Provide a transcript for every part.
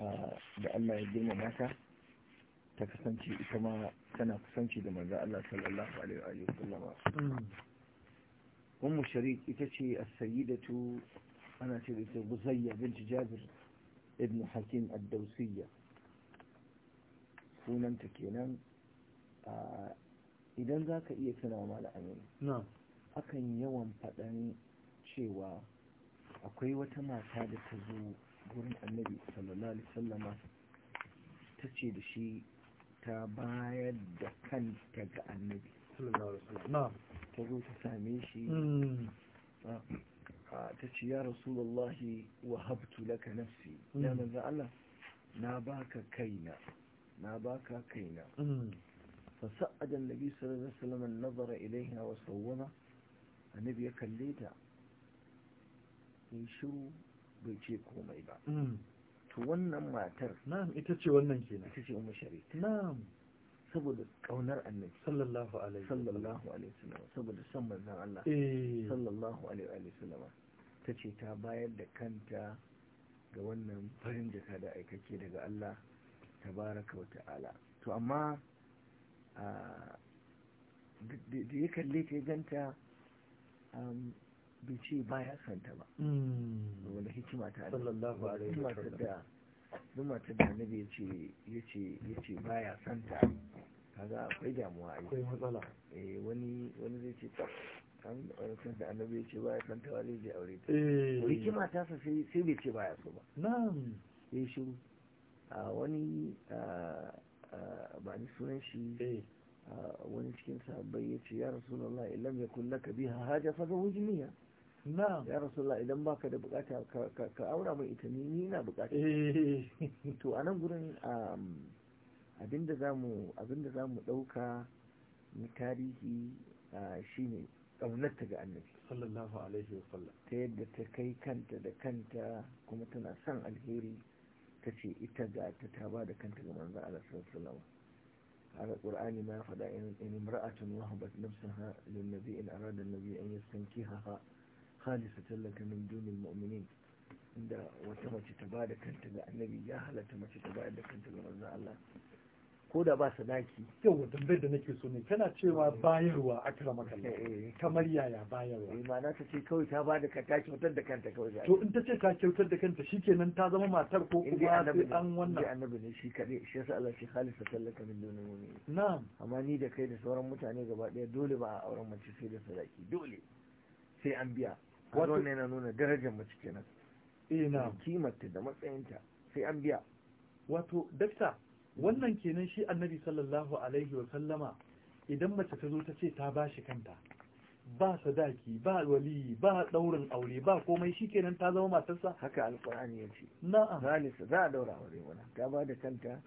da Allah ya girma mata ta kasance ita ma tana kusanci da manzo Allah sallallahu alaihi wa sallama ummu sharik ita ce as-sayyidatu ana ce da ita buzayya bint jabir ibn hakim ad-dawsiyya sunanta kenan idan za ka iya tuna mala'amin akan yawan faɗan cewa akwai wata mata da ta zo gurin annabi sallallahu alaihi sallama ta ce da shi ta bayar da kanta ga annabi ta zo ta same shi hmm. ta ce ya rasulallahi wa habtu laka nafsi ya hmm. manzan Allah na baka kaina na baka kaina فسأد hmm. النبي nazara الله عليه وسلم annabi ya kalle ta ya shiru. bai ce komai ba mm. to wannan matar na'am ita ce wannan kenan ita ce Umar shari'a na'am saboda kaunar annabi sallallahu alaihi sallallahu alaihi wasallam saboda san manzon Allah eh. sallallahu alaihi wasallam tace ta bayar da kanta ga wannan farin jaka da aikake daga Allah tabaraka wa ta'ala to amma ah, da ya kalle ta ganta bai ce ba ya santa ba wanda hmm. hikima ta sallallahu alaihi wa da nabi ya ce ya ce ya ce ba ya santa kaga akwai damuwa ai akwai matsala eh, wani zai ce ta kan wani da annabi ya ce ba ya santa ba zai je aure ta eh. hikima ta sa sai bai ce ba ya so ba na'am ya shi a wani ba ni sunan shi eh. wani cikin sahabbai ya ce ya rasu Allah ya yakun ka biya haja fasa zawwijniha ya rasulullah idan baka da bukata ka aura mai ita ni na bukata eh. to a nan gurin um, abinda za mu ɗauka dauka na tarihi uh, ne ƙaunarta ga annabi sallallahu alaihi wa sallam ta yadda ta kai kanta da kanta kuma tana son alheri ta ce ita ga ta taba da kanta ga manzan ala sallallahu alaihi qur'ani ma ya faɗa in imra'atun wahabat nafsaha lin nabi in arada an-nabi sanki haha خالصة لك من دون المؤمنين عند وتما تتبادى كنت النبي يا هلا تما تتبادى كنت لرزا الله koda ba su yau yawa dambe da nake so ne kana cewa bayarwa a kira makalla kamar yaya bayarwa ma'ana ta ce kawai ta bada ka ta kyautar da kanta kawai to in ta ce ka kyautar da kanta nan ta zama matar ko kuma sai an wannan annabi ne shi kade shi yasa Allah min amma ni da kai da sauran mutane gaba daya dole ba a auren mace sai da sadaki dole sai an biya wato na nuna darajar mace kenan ina eh, kimarta da matsayinta sai an biya wato dakta wannan kenan shi annabi sallallahu alaihi wa sallama idan mace ta zo ta ce ta bashi kanta ba sadaki ba wali ba daurin aure ba komai shi kenan ta zama matarsa haka alqur'ani ce na'am zalisa za a daura aure wala ta ba da kanta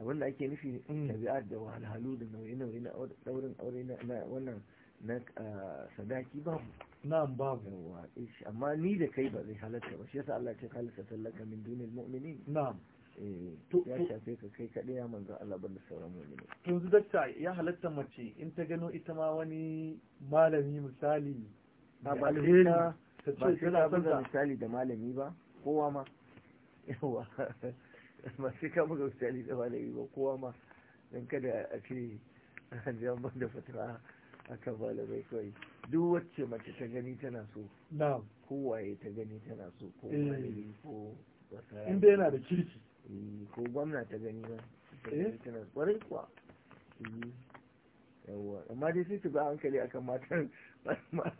abinda ake nufi mm. tabi'at da wahalhalu da nauyi nauyi na daurin aure na wannan na ah, sadaki babu nan babu yawa amma ni da kai ba zai halatta ba shi yasa Allah ce halatta tallaka min dunil mu'minin na'am eh, ya shafe ka kai kaɗai ya manzo Allah ban da sauran mu'mini yanzu dakta ya halatta mace in ta gano ita ma wani malami misali ba ba ta ba sai da buga misali da malami ba kowa ma yawa ba sai ka buga misali da malami ba kowa ma dan kada a ce an da fatara akan malamai kawai duk wacce mace ta gani tana so na'am kowaye ta gani tana so ko eh. mai ko wasa inda yana da kirki eh, ko gwamna ta gani ba eh. tana kwarai kuwa yawwa amma dai sai su ba hankali akan matan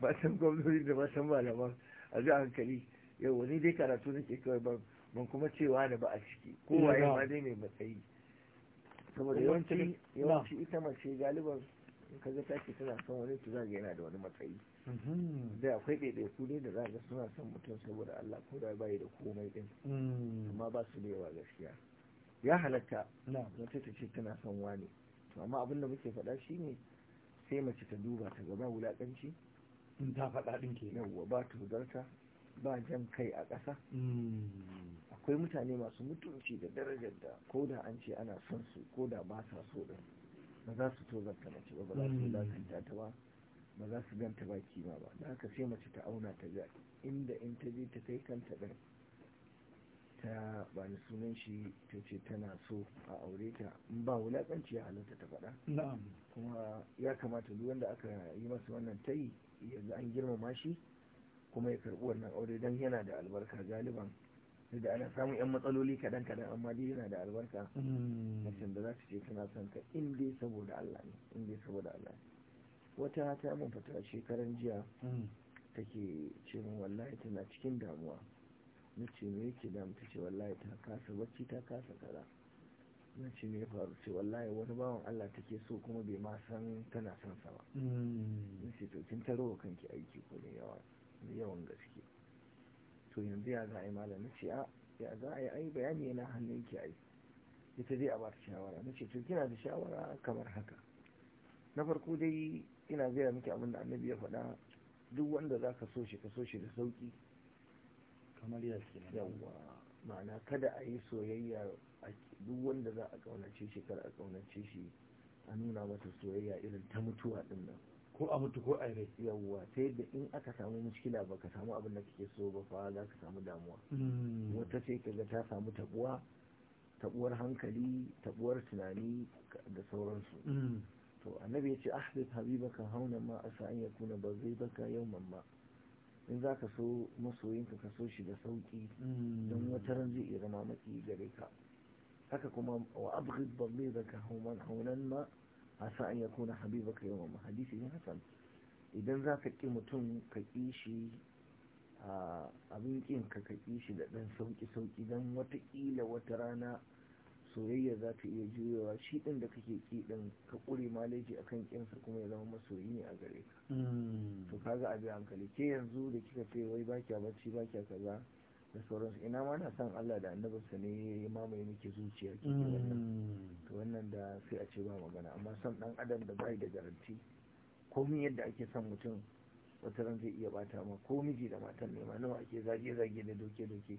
matan gwamnoni da matan malaman a ga hankali yawwa ni dai karatu nake kawai ban ban kuma cewa da ba a ciki kowaye ma dai mai matsayi saboda yawanci ita mace galiban in ka ga taki tana son wani to zage yana da wani matsayi mm-hmm. da akwai su ne da za suna son mutum saboda Allah ko da bai da komai din mm. amma ba su da yawa gaskiya ya halatta wata ta ce tana son wani to amma abin da muke faɗa shi ne sai mace ta duba ta gaba wulaƙanci in ta faɗa ɗin ke yawwa ba tuzarta ba jan kai a ƙasa mm. akwai mutane masu mutunci da darajar da ko da an ce ana son su ko da ba sa so ɗin ba za su tozarta mace ba ba za su hmm. lakanta ta ba ba za su ganta ba kima ba da haka sai mace ta auna ta ga inda in ta je ta kai kanta ɗin ta ba ni sunan shi ta ce tana so a aure ta in ba wulaƙanci ya halatta ta faɗa kuma ya kamata duk wanda aka yi masa wannan ta yi yanzu an girmama shi kuma ya karɓi wannan aure don yana da albarka galiban da ana samun yan matsaloli kadan-kadan. amma dai yana da albarka mm. mutum da za su ce suna son ka in dai saboda Allah ne in dai saboda Allah wata ta mun fata shekaran jiya mm. take ce min wallahi tana cikin damuwa na ce me yake damu ta ce wallahi ta kasa bacci ta kasa kaza na ce me faru ce wallahi wani bawan Allah take so kuma bai ma san tana son sa ba mm. na ce to kin taro kanki aiki ko ne yawa yawan gaske to yanzu ya za yi malam ce a ya za a yi ai bayani yana hannun ki ai ita dai a ba shawara na ce to kina da shawara kamar haka na farko dai ina gaya miki abin da annabi ya faɗa duk wanda za ka so shi ka so shi da sauƙi kamar yaki yawa ma'ana kada a yi soyayya duk wanda za a ƙaunace shi kar a ƙaunace shi a nuna mata soyayya irin ta mutuwa ɗin nan ko a mutu ko a rai yawwa sai da in aka samu mushkila ba ka samu abin da kake so ba fa za ka samu damuwa hmm. wata sai ka ga ta samu tabuwa tabuwar hankali tabuwar tunani da sauransu hmm. to annabi ya ce habiba habibaka hauna ma asa an yakuna baka yawman ma in za ka so masoyinka ka so shi da sauki hmm. don wata ran zai iya zama maki gare ka haka kuma wa abghid bazibaka hauman haunan ma asa an yakuna habibaka wa hadisi ne hasan idan za ka ƙi mutum ka ki shi abin kin ka ka shi da ɗan sauƙi-sauƙi don ƙila wata rana soyayya za ta iya juyawa shi ɗin da kake ki ɗin ka kure malaji akan kin ƙinsa kuma ya zama masoyi ne a gare ka to kaga a bi hankali ke yanzu da kika ce wai ba kya bacci ba kya kaza da sauransu ina mana na san Allah da annabinsa ne ya mamaye muke zuciya ke wannan mm. to wannan da sai a ce ba magana amma san dan adam da bai da garanti komai yadda ake san mutum wata ran zai iya bata ma ko miji da matan ne ma nawa ake zage zage da doke doke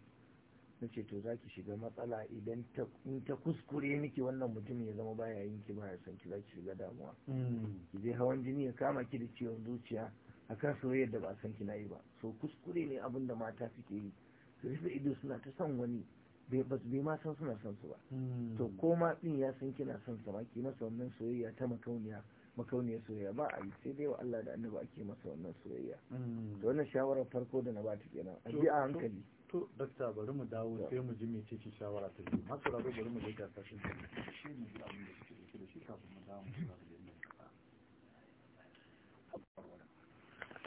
na ce to zaki shiga matsala idan ta in ta kuskure miki wannan mutum ya zama baya yin ki baya san ki zaki shiga damuwa mm. ki je hawan jini ya kama ki da ciwon zuciya akan soyayyar da ba san ki na yi ba so kuskure ne abin da mata suke yi su rufe ido suna ta son wani bai ma san suna son su ba hmm. to ko ma din ya san kina son sa ba ki masa wannan soyayya ta makauniya makauniya soyayya ba a yi sai dai wa Allah da annabi ake masa wannan soyayya hmm. to wannan shawarar farko da na bata kenan a bi a hankali to dakta bari mu dawo sai mu ji mece ce shawara ta biyu masu rago bari mu je ta shi ne abin da suke da shi kafin mu dawo mu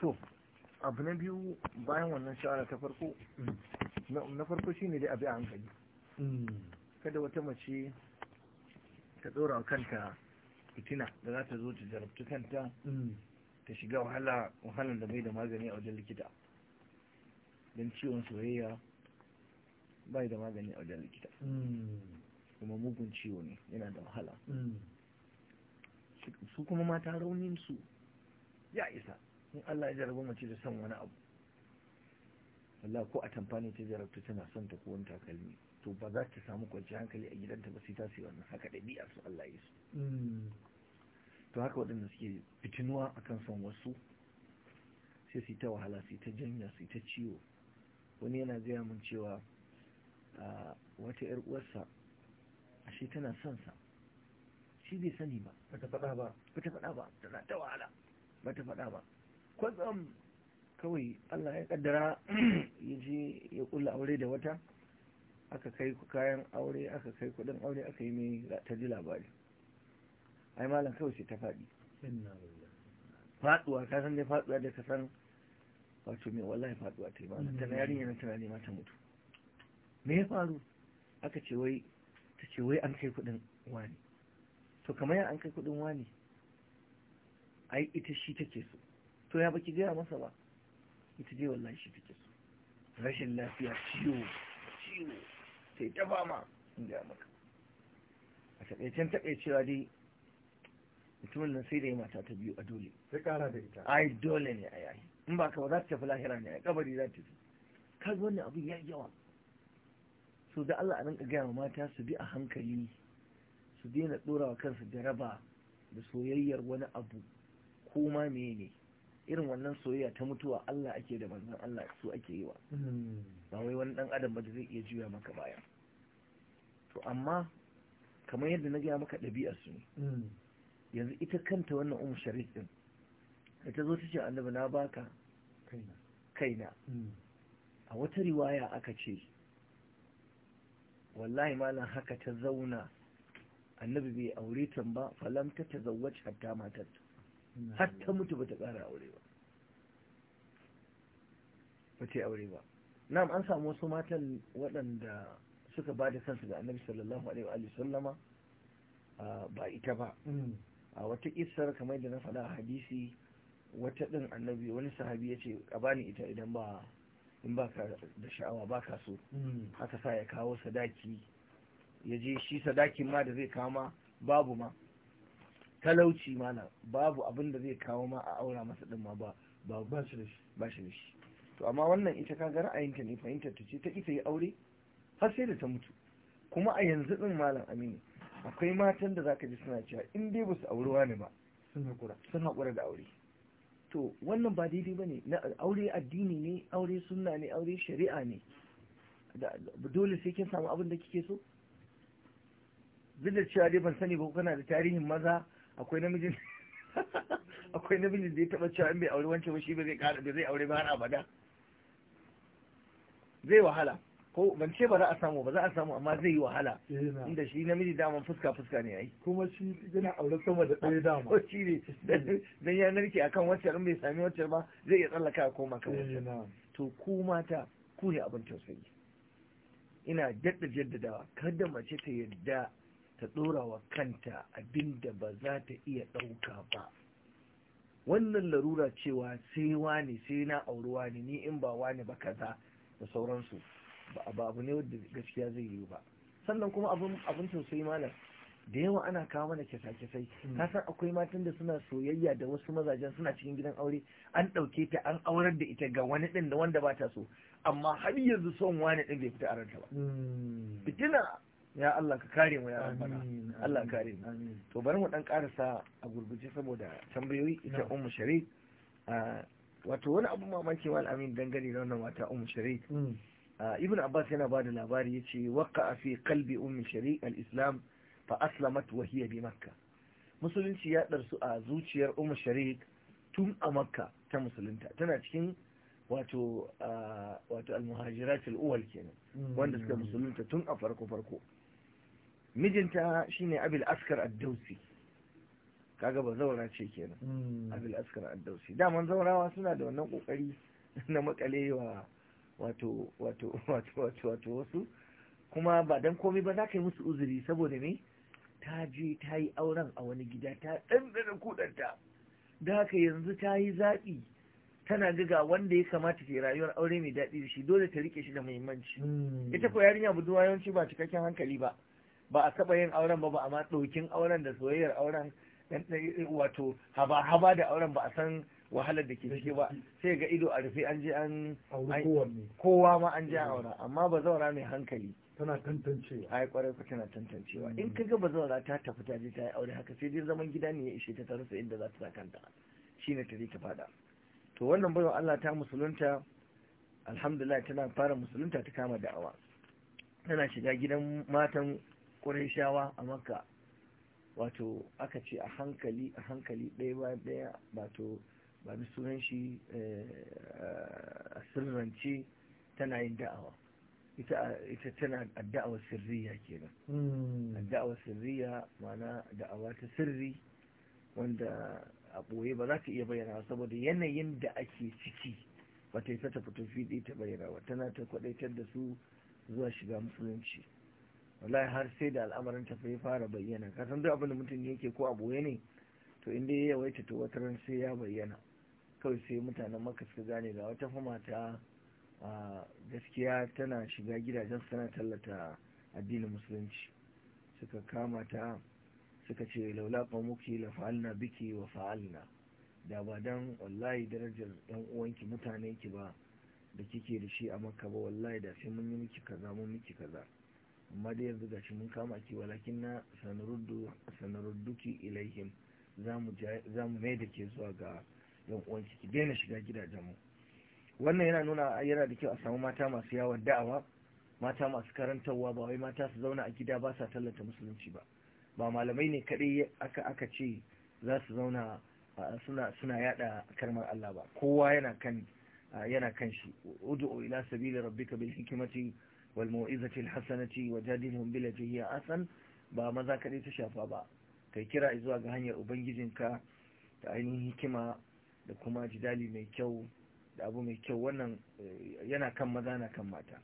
to abu na biyu bayan wannan shawara ta farko na farko shi ne dai abi a hankali mm. kada wata mace ta dora kanta fitina da za ta zo ta jarabtu kanta mm. ta shiga wahala da bai da magani a wajen likita don ciwon soyayya bai da magani a wajen likita mm. kuma mugun ciwo ne yana da wahala su kuma mata rauninsu ya isa in Allah ya jarabu mace da son wani abu wala ko a tamfani ta jarabta tana son ta kowanne takalmi to ba za ta samu kwanciyar hankali a gidanta ba sai ta sai wannan haka ɗabi'a su Allah ya su hmm. to haka waɗanda suke fitinuwa akan son wasu sai su ta wahala su ta janya su ta ciwo wani yana gaya min cewa ah, wata yar uwarsa ashe tana son sa shi bai sani ba ta faɗa ba ta faɗa ba tana ta wahala ta faɗa ba kwatsam kawai allah ya kaddara ya je ya kula aure da wata aka kai ku kayan aure aka kai kudin aure aka yi mai ta ji labari ai malam kawai sai ta faɗi faɗuwa ka san dai faɗuwa da ka san wato mai wallahi faɗuwa ta yi ba na yarinya na tana ma ta mutu me ya faru aka ce wai ta ce wai an kai kudin wani to kamar ya an kai kudin wani ai ita shi take so to ya baki gaya masa ba ita dai wallahi shi take so rashin lafiya ciwo ciwo sai ta fama inda maka a taɓaicen taƙaicewa dai mutumin nan sai da ya mata ta biyu a dole sai kara da ita ai dole ne a yayi in ba ka ba za ta tafi lahira ne a kabari za ta tafi ka ga wannan abin ya yawa so da Allah a rinka gaya wa mata su bi a hankali su daina dora wa kansu jaraba da soyayyar wani abu ko ma ne irin wannan soyayya ta mutuwa Allah ake da manzon Allah su ake yi wa ba wai wani dan adam ba zai iya juya maka baya to amma kamar yadda na gaya maka ɗabi'ar su yanzu ita kanta wannan umu sharif din da ta zo ta ce annabi na baka kaina a wata riwaya aka ce wallahi malam haka ta zauna annabi bai aure ta ba falam ta tazawwaj hatta matar hatta mutu bata ta aure ba ba ta aure ba na'am an samu wasu matan waɗanda suka ba da kansu ga annabi sallallahu alaihi wa sallama ba ita ba mm. a wata kissar kamar da na faɗa hadisi wata ɗin annabi wani sahabi ya ce a bani ita idan ba in ba ka da sha'awa ba ka so haka mm. sa ya kawo sadaki ya je shi sadakin ma da zai kama babu ma talauci mana babu abin da zai kawo ma a aura masa din ma ba ba shi da shi ba shi da shi to amma wannan ita ka kaga ra'ayinta ne fahimta ta ce ta ita yi aure har sai da ta mutu kuma a yanzu din malam aminu akwai matan da zaka ji suna cewa in dai ba su auri wani ba sun haƙura da aure to wannan ba daidai ba na aure addini ne aure sunna ne aure shari'a ne dole sai kin samu abin da kike so duk da cewa dai ban sani ba kana da tarihin maza akwai namijin akwai namijin da ya taba cewa in bai aure wancan shi ba zai kara da zai aure ba har abada zai wahala ko ban ce ba za a samu ba za a samu amma zai yi wahala eh, inda shi namiji dama fuska fuska ne yayi kuma shi yana aure sama da ɗaya dama ko shi ne dan ya narke akan wacce in bai sami wacce ba zai iya tsallaka a koma kan wacce eh, to ku mata ku ne abin tausayi ina jaddada jaddadawa kada mace ta yadda ta ɗora wa kanta abinda da ba za ta iya ɗauka ba wannan larura cewa sai wani sai na auruwa ne ni in ba wani ba kaza da sauransu ba abu ne wadda gaskiya zai yi ba sannan kuma abin sosai malam da yawa ana kawo mana kyasa-kyasai hmm. ka san akwai matan da suna soyayya da wasu mazajen suna cikin gidan aure an ɗauke ta an aurar da ita ga wani ɗin da wanda ba ta so amma har yanzu son wani ɗin bai fita a ranta ba hmm. fitina ya Allah ka kare mu ya rabbana Allah ka kare mu to bari mu dan karasa a gurguje saboda tambayoyi ita ummu shari wato wani abu mamaki wal amin dangane da wannan mata ummu shari mm. ibn abbas yana bada labari yace waqa fi qalbi ummu shari al-islam fa aslamat wa hiya bi makkah musulunci ya darsu a zuciyar ummu shari tun a makka ta musulunta tana cikin wato wato al-muhajirat al-awwal kenan mm. wanda suka musulunta tun a farko farko mijinta shine abil askar addausi kaga ba zaura ce kenan hmm. abil askar addausi daman zaurawa suna da wannan kokari na makale wa wato wato wato wato wato wasu kuma ba dan komai ba za ka yi musu uzuri saboda me ta je ta yi auren a wani gida ta ɗanɗana kudanta da haka yanzu ta yi zaɓi tana ga wanda ya kamata ke rayuwar aure mai daɗi da shi dole ta rike shi da muhimmanci hmm. ita ko yarinya budurwa yawanci ba cikakken hankali ba ba a taɓa yin auren ba ba amma ɗokin auren da soyayyar auren wato haba haba da auren ba a san wahalar da ke ciki ba sai ga ido a rufe an je an kowa ma an je aura amma ba zaura mai hankali tana tantancewa ai kwarai ku tana tantancewa in ka ga zaura ta tafi ta je ta yi aure haka sai dai zaman gida ne ya ishe ta ta rufe inda za ta kanta shine ta je ta fada to wannan bayan Allah ta musulunta alhamdulillah tana fara musulunta ta kama da'awa tana shiga gidan matan ƙurayshawa a maka wato aka ce a hankali a hankali ɗaya ba ɗaya wato ba da sunan shi eh, a sirrance tana yin da'awa ita tana da'awar sirriya kenan hmm. da'awar sirriya mana da'awa ta sirri wanda a ɓoye ba za ta iya bayyana saboda yanayin da ake ciki ba ta yi ta fito fiɗe ta bayyana ba tana ta kwaɗaitar da su zuwa shiga musulunci wallahi har sai da al'amarin ta ya fara bayyana kasan san duk abin da mutum yake ko a ne to in dai ya yawaita to wata ran sai ya bayyana kawai sai mutanen maka suka gane ga wata fa mata gaskiya tana shiga gidajen su tana tallata addinin musulunci suka kama ta suka ce laula muki la fa'alna biki wa fa'alna da ba dan wallahi darajar yan uwanki mutane ki ba da kike da shi a makka ba wallahi da sai mun yi miki kaza mun miki kaza amma da yanzu gashi mun kama ki walakin na sanarudduki ilaihim za mu mai da ke zuwa ga yan uwanki ki daina shiga gidajenmu wannan yana nuna yana da kyau a samu mata masu yawon da'awa mata masu karantarwa ba wai mata su zauna a gida ba sa tallata musulunci ba ba malamai ne kaɗai aka aka ce za su zauna suna suna yada karmar Allah ba kowa yana kan yana kan shi ud'u ila sabili rabbika bil hikmati wal mu'izati hasanati wajadilhum billati hiya asan ba maza kadai ta shafa ba kai kira zuwa ga hanyar ubangijinka da ainihin hikima da kuma jidali mai kyau da abu mai kyau wannan yana kan maza na kan mata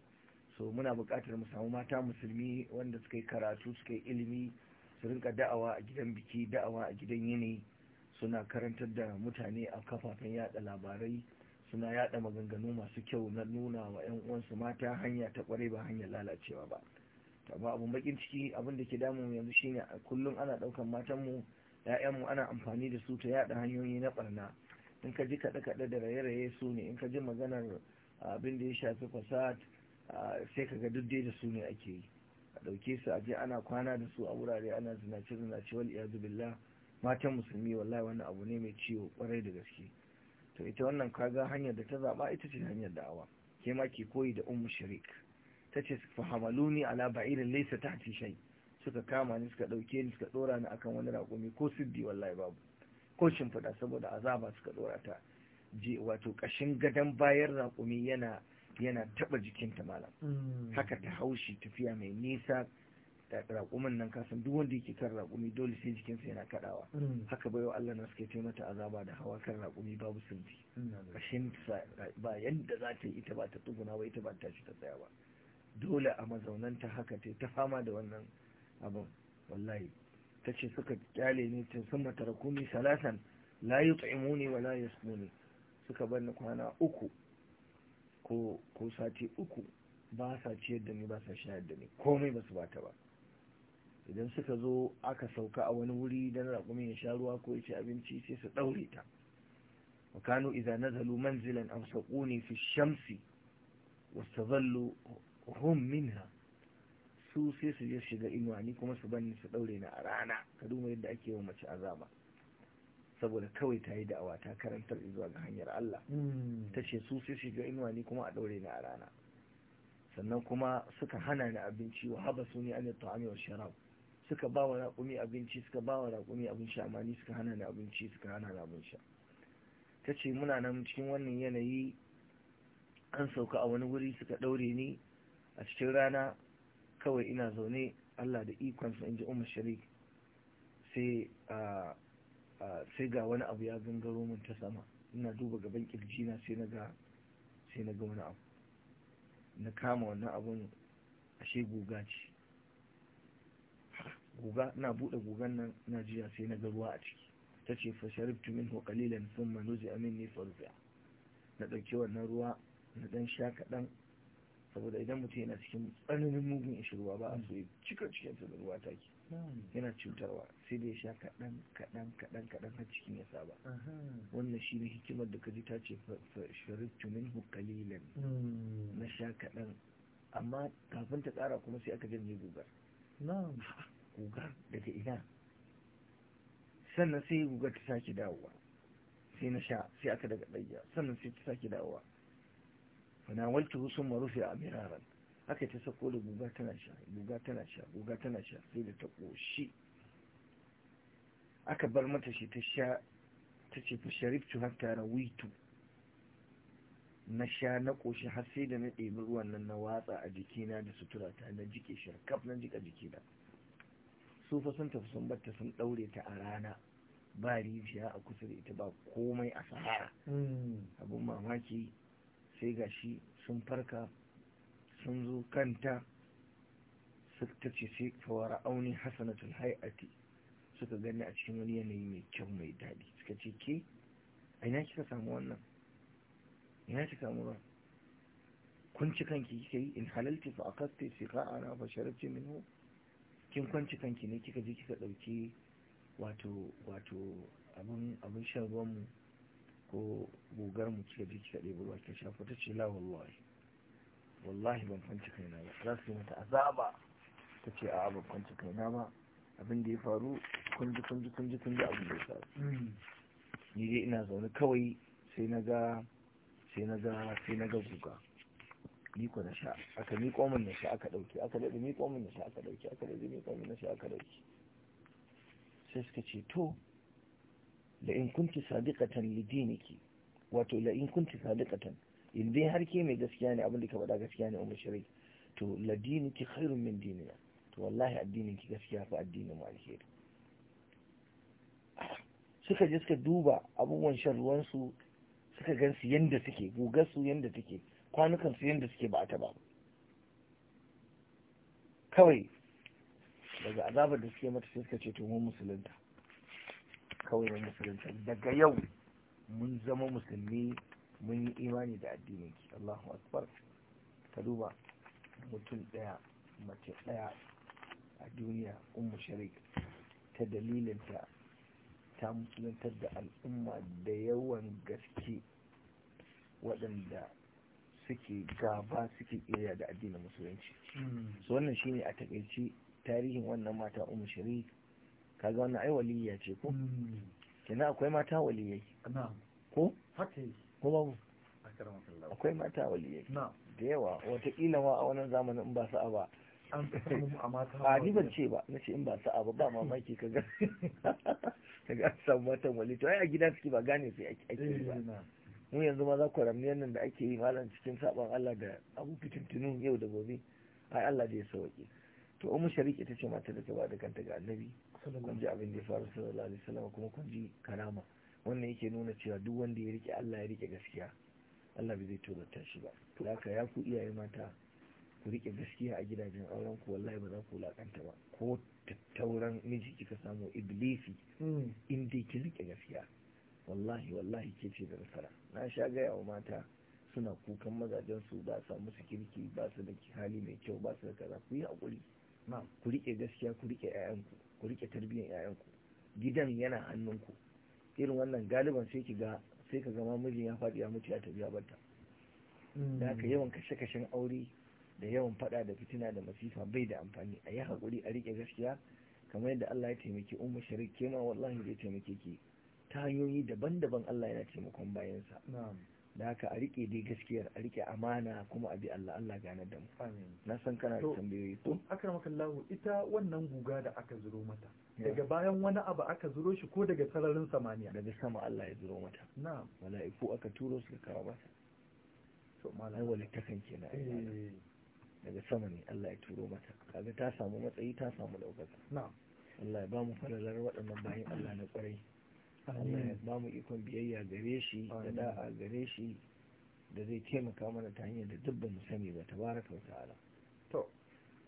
so muna buƙatar mu samu mata musulmi wanda suka yi karatu suka yi ilimi su rinka da'awa a gidan biki da'awa a gidan yini suna karantar da mutane a kafafen yaɗa labarai suna yada maganganu masu kyau na nuna wa 'yan uwansu mata hanya ta kware ba hanyar lalacewa ba ba abun bakin ciki abin da ke damu yanzu shine kullum ana daukan matanmu mu ana amfani da su ta yada hanyoyi na barna in ka ji kaɗe-kaɗe da raye-raye su ne in ka ji maganar abin da ya shafi fasad sai ka ga duk dai da su ne ake yi a ɗauke su a je ana kwana da su a wurare ana zinace zinace wal iyazu billah matan musulmi wallahi wani abu ne mai ciwo kwarai da gaske to ita wannan kaga hanyar da ta zaba ita ce hanyar da'awa ke ma ke koyi da ummu shirik ta ce fa ni ala ba'irin laysa tahti shay suka kama ni suka dauke ni suka dora ni akan wani raƙumi ko siddi wallahi babu ko shimfiɗa saboda azaba suka dora ta je wato kashin gadon bayan raƙumi yana yana taba jikinta malam hmm. haka ta haushi tafiya mai nisa raƙumin nan kasan duk wanda yake kan raƙumi dole sai jikinsa yana kaɗawa mm. haka bai wa Allah na suka yi mata azaba da hawa kan raƙumi babu sunti kashin ba yadda za ta yi ita ba ta tsuguna ba ita ba ta ci ta tsaya ba dole a mazaunanta haka ta ta fama da wannan abin wallahi ta ce suka kyale ni ta sun mata raƙumi salasan la yi tsaimuni wa la yi suka bar ni kwana uku ko sati uku ba sa ciyar da ni ba sa shayar da ni komai ba su bata ba idan suka zo aka sauka a wani wuri don raƙumin ya sha ruwa ko ya ci abinci sai su ɗaure ta manzilan an sauƙo ne fi shamsi wasu zallo هم منها su sai su je shiga inuwa ni kuma su bani su ɗaure ni a rana ka duma yadda ake wa mace azaba saboda kawai ta yi da'awa ta karantar zuwa ga hanyar Allah hmm. ta ce su sai shiga inuwa ni kuma a daure ni a rana sannan kuma suka hana ni abinci wa haba su ne an ta'ami wa sharab suka ba wa raƙumi abinci suka ba wa raƙumi abin sha amma ni suka hana ni abinci suka hana ni abin sha ta ce muna nan cikin wannan yanayi an sauka a wani wuri suka ɗaure ni a cikin rana kawai ina zaune Allah da ikon ikonsa in ji umar sharik sai ga wani abu ya gangaro min ta sama ina duba gaban na sai na ga sai na ga wani abu na kama wannan abun ashe guga guga na bude gugan nan na jiya sai na ga ruwa a ciki ta ce fa sharibtu minhu qalilan thumma nuzi'a minni fa rufi'a na dauke wannan ruwa na dan sha kaɗan saboda idan mutum yana cikin tsananin mugun ishi ba a so ya cika cikin da ruwa ta ke yana cutarwa sai da ya sha kaɗan kaɗan kaɗan kaɗan har cikin ya saba wannan shi ne hikimar da kaji ta ce sharibtu minhu qalilan hmm. na sha kaɗan amma kafin ta ƙara kuma sai aka janye gugar gugar daga ina sannan sai gugar ta sake dawowa sai na sha sai aka daga ɗaya. sannan sai ta sake dawowa fana walta husun marufi a miraran aka ta sako da guga tana sha guga tana sha guga tana sha sai da ta ƙoshi aka bar mata shi ta sha ta ce fashariftu har tara witu na sha na ƙoshi har sai da na ɗebi ruwan nan na watsa a jikina da sutura ta na jike sharkaf na jika jikina su fa sun tafi sun batta sun ɗaure ta a rana ba rijiya a kusa da ita ba komai a sahara hmm. abin mamaki sai ga shi sun farka sun zo kanta ta ce sai fawara auni hasanatul hay'ati suka gani a cikin wani yanayi mai kyau mai daɗi suka ce ke a ina kika samu wannan ina kika samu ba kun ci kanki kika yi in halalti fa akasti siqa'ana fa sharabti minhu kin kwanci kanki ne kika je kika dauki wato wato abin abin shan ruwanmu ko gogar mu kika je kika ɗebi ruwa kika shafa ta ce la wallahi wallahi ban kwanci kaina ba za su yi mata azaba ta ce a'a ban kwanci kaina ba abin da ya faru kunji kunji kunji kunji abin da ya faru mm. ni dai ina zaune kawai sai na ga sai na ga sai na ga guga miko na sha aka miko min na sha aka dauke aka dade miko min na sha aka dauke aka dade miko min na sha aka dauke sai suka ce to la in kunti sadiqatan li diniki wato la in kunti sadiqatan in dai har ke mai gaskiya ne abin da ka faɗa gaskiya ne umar shari to la diniki khairun min dinina to wallahi addinin ki gaskiya fa addinin mu alheri suka je suka duba abubuwan shan ruwan su suka gan su yanda suke gugar su yanda take kwanukan su yadda suke ba ta ba kawai daga azabar da suke mata sai suka ce to mun musulunta kawai da musulunta daga yau mun zama musulmi mun yi imani da addinin Allahu akbar ka duba mutum daya mace daya a duniya ummu sharik ta dalilinta ta musulantar da al'umma da yawan gaske waɗanda suke gaba suke ƙiyayya da addinin musulunci hmm. so wannan shine a takaice tarihin wannan mata umu shirik kaga wannan ai waliyya ce ko hmm. kina akwai mata waliyyai. ko ko babu akwai mata waliyyai. da yawa watakila ma a wannan zamanin in ba sa'a ba a ni ban ce ba na ce in ba sa'a ba ba mamaki ka ga ka ga an samu matan to ai a gida suke ba gane sai ake ba eh, mu yanzu ma za ku ramu yannan da ake yi malam cikin saban Allah da abu fitintunun yau da gobe ai Allah zai ya sauke to umu shariki ita mata da ta ba da kanta ga annabi kun ji abin da ya faru sallallahu alaihi wasallam kuma kun ji karama wannan yake nuna cewa duk wanda ya rike Allah ya rike gaskiya Allah bai zai tozarta shi ba to haka ya ku iyaye mata ku rike gaskiya a gidajen auren ku wallahi ba za ku lakanta ba ko tattauran miji kika samu iblisi hmm. in ki rike gaskiya wallahi wallahi ke ce da nasara na sha gaya wa mata suna kukan mazajen su ba sa musu kirki ba su da hali mai kyau ba su da kaza ku yi hakuri ma ku rike gaskiya ku rike ƴaƴanku ku rike tarbiyyar ƴaƴanku gidan yana hannunku irin wannan galiban sai ki ga sai ka zama mijin ya faɗi ya mutu ya tafi ya barta da haka mm. yawan kashe-kashen aure da yawan faɗa da fitina da masifa bai da amfani a yi hakuri a rike gaskiya kamar yadda Allah ya taimaki ummu sharik kema wallahi zai taimake ki ta hanyoyi daban-daban Allah yana taimakon bayansa da haka a rike dai gaskiyar a rike amana kuma a bi Allah Allah gane da mu na san kana da tambayoyi ko akramakallahu ita wannan guga da aka zuro mata daga bayan wani abu aka zuro shi ko daga sararin samaniya daga sama Allah ya zuro mata na'am mala'iku aka turo su kawo mata to malai wala takan kenan eh. daga sama ne Allah ya turo mata kaga ta samu matsayi ta samu daukaka na'am Allah ya ba mu falalar waɗannan bayan Allah na ƙwarai. Allah ya ba mu ikon biyayya gare shi da da'a gare shi da zai taimaka mana ta hanyar da duk ba mu sani ba tabaraka wa ta'ala to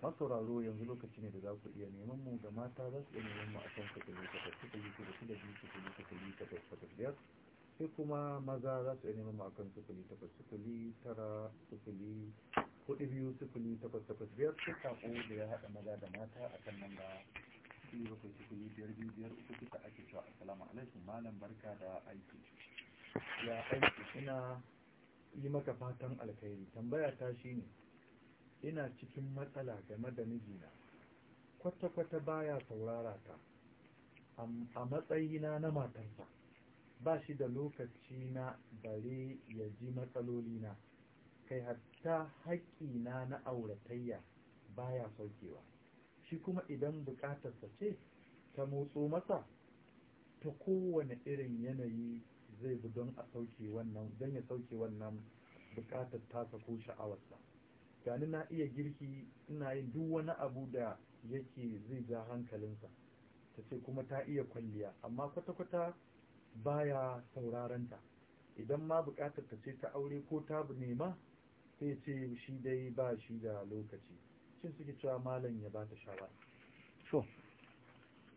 masauraro yanzu lokaci ne da za ku iya neman mu ga mata za su iya neman mu a kan kuɗi ne takwas kuɗi biyu biyu kuɗi takwas takwas sai kuma maza za su iya neman mu a kan takwas kuɗi tara kuɗi kuɗi biyu kuɗi takwas takwas biyar sai saƙo da ya haɗa maza da mata a kan nan sifili bakwai sifili biyar biyu biyar uku duka ake cewa assalamu alaikum malam barka da aiki ya aiki ina yi maka fatan alkhairi tambaya ta ne. ina cikin matsala game da mijina kwata-kwata baya saurara ta a matsayina na matarsa ba shi da lokaci na bare ya ji matsalolina kai hatta haƙƙina na auratayya baya saukewa shi kuma idan bukatarsa ce ta motso masa ta kowane irin yanayi zai bi don a sauke wannan don ya sauke wannan bukatar tasa ko sha'awarsa gani na iya girki ina yin duk wani abu da yake zai ja hankalinsa ta ce kuma ta iya kwalliya amma kwata-kwata baya saurarenta idan ma bukatar ta ce ta aure ko ta nema sai ce shi dai ba shi da lokaci cikin suke cewa malam ya ba ta shawara so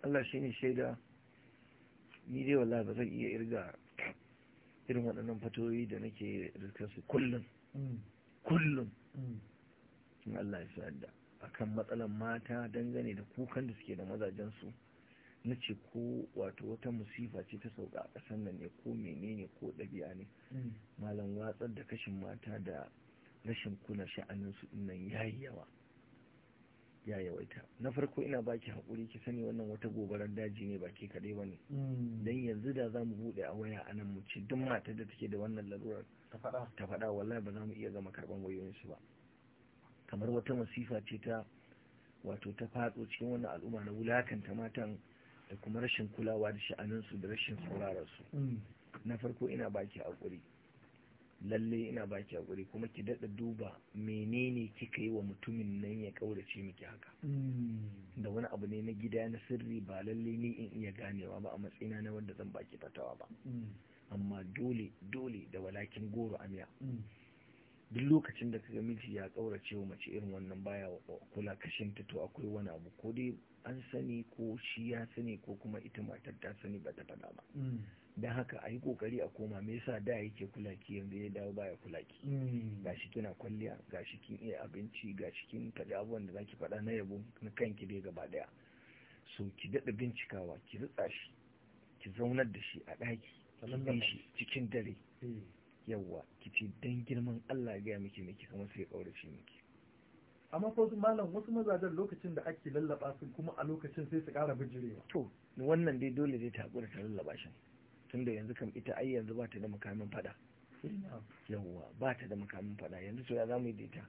Allah shi ne shaida ni dai wallahi ba zan iya irga irin waɗannan fatoyi da nake rikarsu kullum mm. kullum mm. in Allah ya sa'adda akan matsalan mata dangane da kukan da suke da mazajensu na ce ko wato wata musifa ce ta sauka a ƙasar nan ne ko menene ko ɗabi'a ne mm. malam watsar da kashin mata da rashin kuna sha'aninsu ɗin nan yayi yawa ya yawaita na farko ina baki hakuri ki sani wannan wata gobarar daji ne ba ke kaɗai ba ne hmm. don yanzu da za mu buɗe a waya a nan mu duk matar da take da wannan lalurar ta faɗa wallahi ba za mu iya gama karɓar wayoyinsu ba kamar wata masifa ce ta wato ta faɗo cikin wannan al'umma na wulakanta matan da kuma rashin kulawa da sha'aninsu da rashin saurararsu hmm. na farko ina baki hakuri. lalle ina baki hakuri kuma ki daɗa duba menene kika yi wa mutumin nan ya ƙaurace miki haka mm. da wani abu ne na gida na sirri ba lalle ni in iya ganewa ba a matsayina na wanda zan baki fatawa ba mm. amma dole dole da walakin goro a miya mm. duk lokacin da kaga miji ya ƙaurace wa mace irin wannan baya kula kashin ta to akwai wani abu ko dai an sani ko shi ya sani ko kuma ita matar ta sani ba ta faɗa ba don haka a yi kokari a koma me yasa da yake kula ki yanzu ya dawo baya kula ki mm. gashi kina kwalliya gashi kin iya abinci gashi kin kaji abubuwan da zaki faɗa na yabo na kanki dai gaba daya so ki daɗa bincikawa ki ritsa shi ki zaunar da shi a ɗaki shi cikin dare mm. yawwa ki ce dan girman Allah gaya miki miki kamar sai ya shi miki amma fa wasu malam wasu mazajen lokacin da ake lallaba su kuma a lokacin sai su ƙara bijirewa to wannan dai dole dai ta ta lallaba shi tunda yanzu kam ita ai yanzu ba da makamin fada yawwa ba da makamin fada yanzu to ya za mu yi da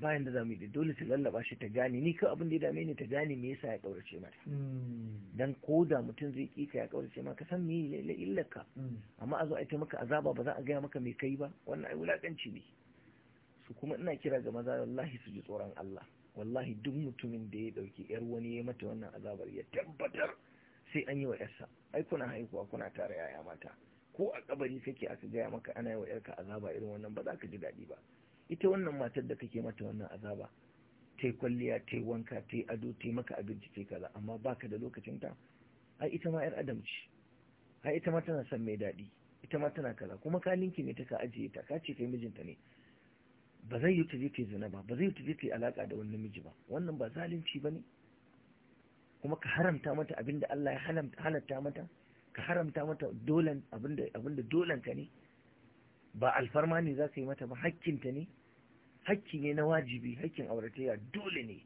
bayan da mu yi dole ta lallaba shi ta gane ni kawai abin da ya dame ni ta gane me yasa ya kaurace mata hmm. dan ko da mutum zai kika ya kaurace maka san me ne illaka hmm. amma a zo a yi maka azaba ba za a gaya maka mai kai ba wannan ai wulakanci ne su kuma ina kira ga maza wallahi su ji tsoron Allah wallahi duk mutumin da ya dauki yar wani ya mata wannan azabar ya tabbatar sai an yi wa yarsa ai kuna haihuwa kuna tare yaya mata ko a kabari kake aka gaya maka ana yi wa yarka azaba irin wannan ba za ka ji daɗi ba ita wannan matar da kake mata wannan azaba ta yi kwalliya ta yi wanka ta yi ado ta yi maka abinci ta kaza amma ba ka da lokacin ta ai ita ma yar adam ce ai ita ma tana son mai daɗi ita ma tana kaza kuma ka linki ne ta ka ajiye ta ka ce kai mijinta ne ba zai yi ta je ta zina ba ba zai yi ta je ta alaka da wani namiji ba wannan ba zalunci ba ne kuma ka haramta mata abinda Allah ya halatta mata ka haramta mata dolan abinda abinda dolanka ne ba alfarma ne za ka yi mata ba ta ne hakki ne na wajibi hakkin auratayya dole ne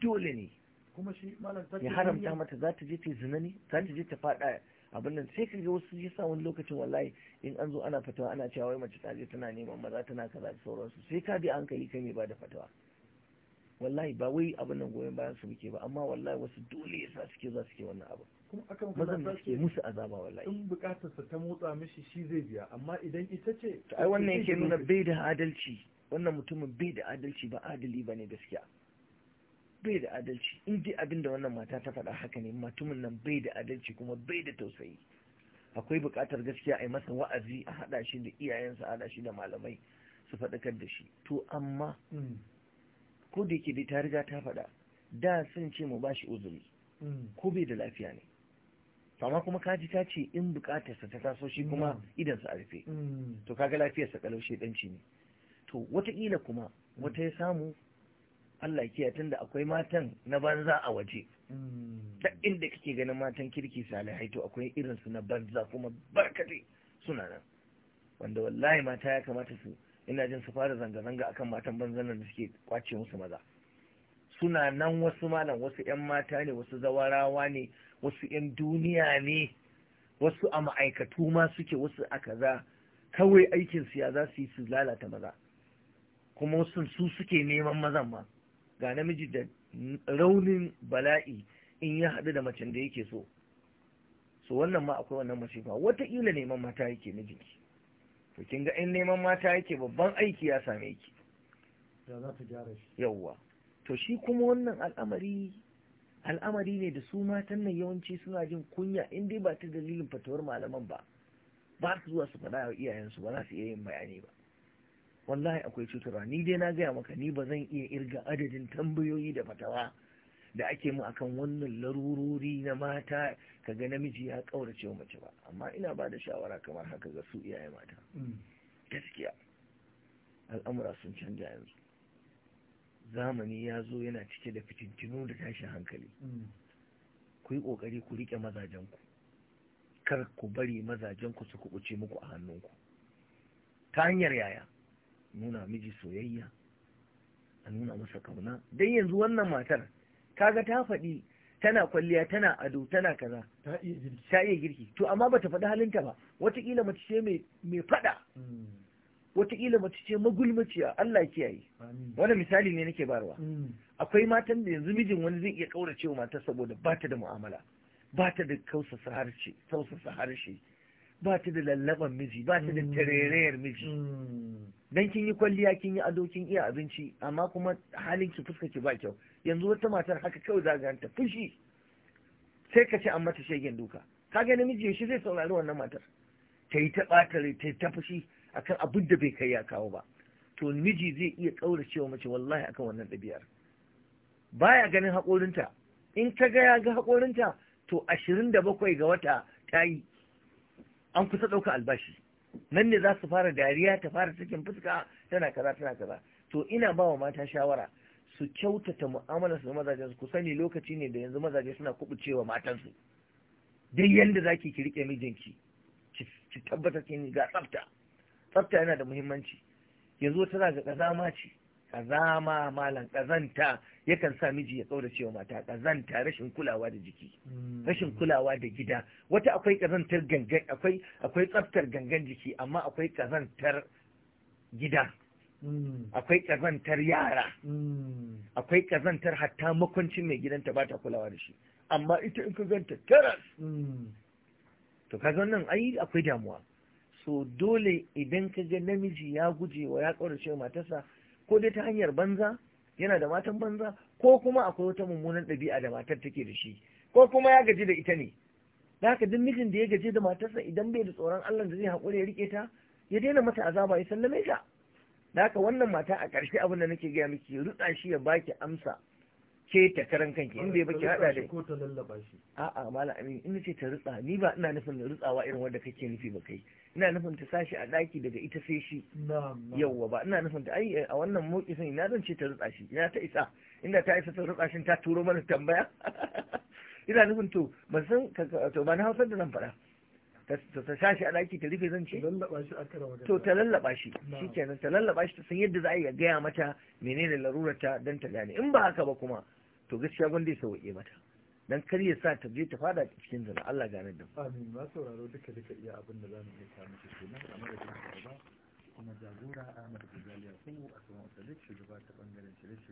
dole ne kuma shi malam ya haramta mata za ta je ta zina ne za ta je ta fada abin nan sai kaga wasu ya sa wani lokacin wallahi in an zo ana fatawa ana cewa wai mace ta je tana neman maza tana kaza da sauransu sai ka bi hankali kai ba da fatawa wallahi ba wai abin nan goyon bayan su muke ba amma wallahi wasu dole yasa suke za ke wannan abu kuma akan mazan da suke musu azaba wallahi in bukatar sa ta motsa mishi shi zai biya amma idan ita ce ai wannan yake nuna bai da adalci wannan mutumin bai da adalci ba adali bane gaskiya bai da adalci in dai abin da wannan mata ta faɗa haka ne mutumin nan bai da adalci kuma bai da tausayi akwai bukatar gaskiya a yi masa wa'azi a haɗa shi da iyayensa a haɗa shi da malamai su faɗakar da shi to amma hmm. ko da yake ta riga ta faɗa da sun ce mu bashi uzuri hmm. ko bai da lafiya ne amma kuma kaji ta ce in bukatarsa ta taso shi kuma hmm. idan a rufe hmm. to kaga lafiyarsa kalau shedanci ne to wataƙila kuma wata ya samu Allah ya kiyaye tunda akwai matan na banza a waje duk inda kake ganin matan kirki salihai to akwai irin su na banza kuma barkatai suna nan wanda wallahi mata ya kamata su ina jin su fara zanga-zanga akan matan banzanar da suke kwace musu maza suna nan wasu malam wasu 'yan mata ne wasu zawarawa ne wasu 'yan duniya ne wasu a ma'aikatu ma suke wasu a kaza kawai aikin ya za su yi su lalata maza kuma wasu su suke neman mazan ma ga namiji da raunin bala'i in ya haɗu da macen da yake so so wannan ma akwai wannan masifa wataƙila neman mata yake mijinki to kin ga in neman mata yake babban aiki ya same ki yawwa to shi kuma wannan al'amari al'amari ne da su matan nan yawanci suna jin kunya in dai ba ta dalilin fatawar malaman ba ba su zuwa su faɗa wa iyayensu ba za su iya yin bayani ba wallahi akwai cutarwa ni dai na gaya maka ni ba zan iya irga adadin tambayoyi da fatawa da ake mu akan wannan larurori na mata kaga namiji ya kaurace wa mace ba amma ina ba da shawara kamar haka ga su iyaye mata mm. gaskiya al'amura sun canja yanzu zamani ya zo yana cike da fitintinu da tashin hankali mm. ku yi ƙoƙari ku riƙe ku. kar ku bari mazajen ku su kuɓuce muku a hannunku ta hanyar yaya nuna miji soyayya a nuna masa kauna don yanzu wannan matar kaga ta faɗi tana kwalliya tana ado tana kaza ta iya girki to amma bata faɗi halinta ba wataƙila mace ce mai faɗa mm. wataƙila mace ce magulmaciya Allah kiyaye wani misali ne nake barwa mm. akwai matan da yanzu mijin wani zai iya ƙaurace wa matar saboda ba ta da mu'amala ba ta da kausasa harshe tausasa harshe ba ta da lallaban miji ba ta da mm. tarerayar miji dan kin yi kwalliya kin yi ado kin iya abinci amma kuma halin ki fuska ki ba kyau yanzu wata matar haka kawai zaganta fushi sai ka ce an mata shegen duka ka ga namiji shi zai saurari wannan matar ta yi ta ɓata ta yi ta fushi akan abin da bai kai ya kawo ba to namiji zai iya ƙaura cewa mace wallahi akan wannan ɗabi'ar baya ganin haƙorinta in ka ga ya ga haƙorinta to ashirin da bakwai ga wata ta yi an kusa ɗauka albashi nan ne za su fara dariya ta fara cikin fuska tana kaza tana kaza to ina ba wa mata shawara su kyautata mu'amalarsu da mazajensu ku sani lokaci ne da yanzu mazaje suna kubucewa matansu dai yanda zaki ki rike mijinki ki tabbatar kin ga tsafta tsafta yana da muhimmanci yanzu wata za ga kazama ce kazama malam kazanta yakan sa miji ya kaura cewa mata kazanta rashin kulawa da jiki mm. rashin kulawa da gida wata akwai kazantar gangan akwai akwai tsaftar gangan jiki amma akwai kazantar gida Mm. akwai kazantar yara mm. akwai kazantar hatta makwancin mai gidanta ba ta kulawa da shi amma ita in ka taras mm. to kaga nan ai akwai damuwa so dole idan ka ga namiji ya guje wa ya kaurace matarsa ko dai ta hanyar banza yana da matan banza ko kuma akwai wata mummunan ɗabi'a da matar take da shi ko kuma ya gaji da ita ne da haka duk mijin da ya gaji da matarsa idan bai da tsoron Allah da zai haƙura ya rike ta ya daina mata azaba ya sallame ta Daka haka wannan mata a ƙarshe abin da nake gaya miki rutsa shi ya baki amsa ke ta karan kanki in bai baki hada da ko ta lallaba shi a'a mala amin in ce ta rutsa ni ba ina nufin rutsawa irin wanda kake nufi ba kai ina nufin ta sashi a daki daga ita sai shi yawwa ba ina nufin ta ai a wannan mawkisin ina zan ce ta rutsa shi ina ta isa inda ta isa ta rutsa shin ta turo mana tambaya ina nufin to ban san to ba na hausar da zan faɗa ta sa shi a daki ta rufe zan ce to ta lallaba shi kenan ta lallaba shi ta san yadda za a iya gaya mata menene larurarta dan ta gane in ba haka ba kuma to gaskiya gwanda ya sauke mata dan kar ya sa ta je ta fada cikin zina Allah gane da amin ba sauraro duka duka iya abin da za mu yi ta miki kenan a madadin kuma jagora Ahmad Gazali kuma a tsawon Sadiq shugaba ta bangaren shirye-shirye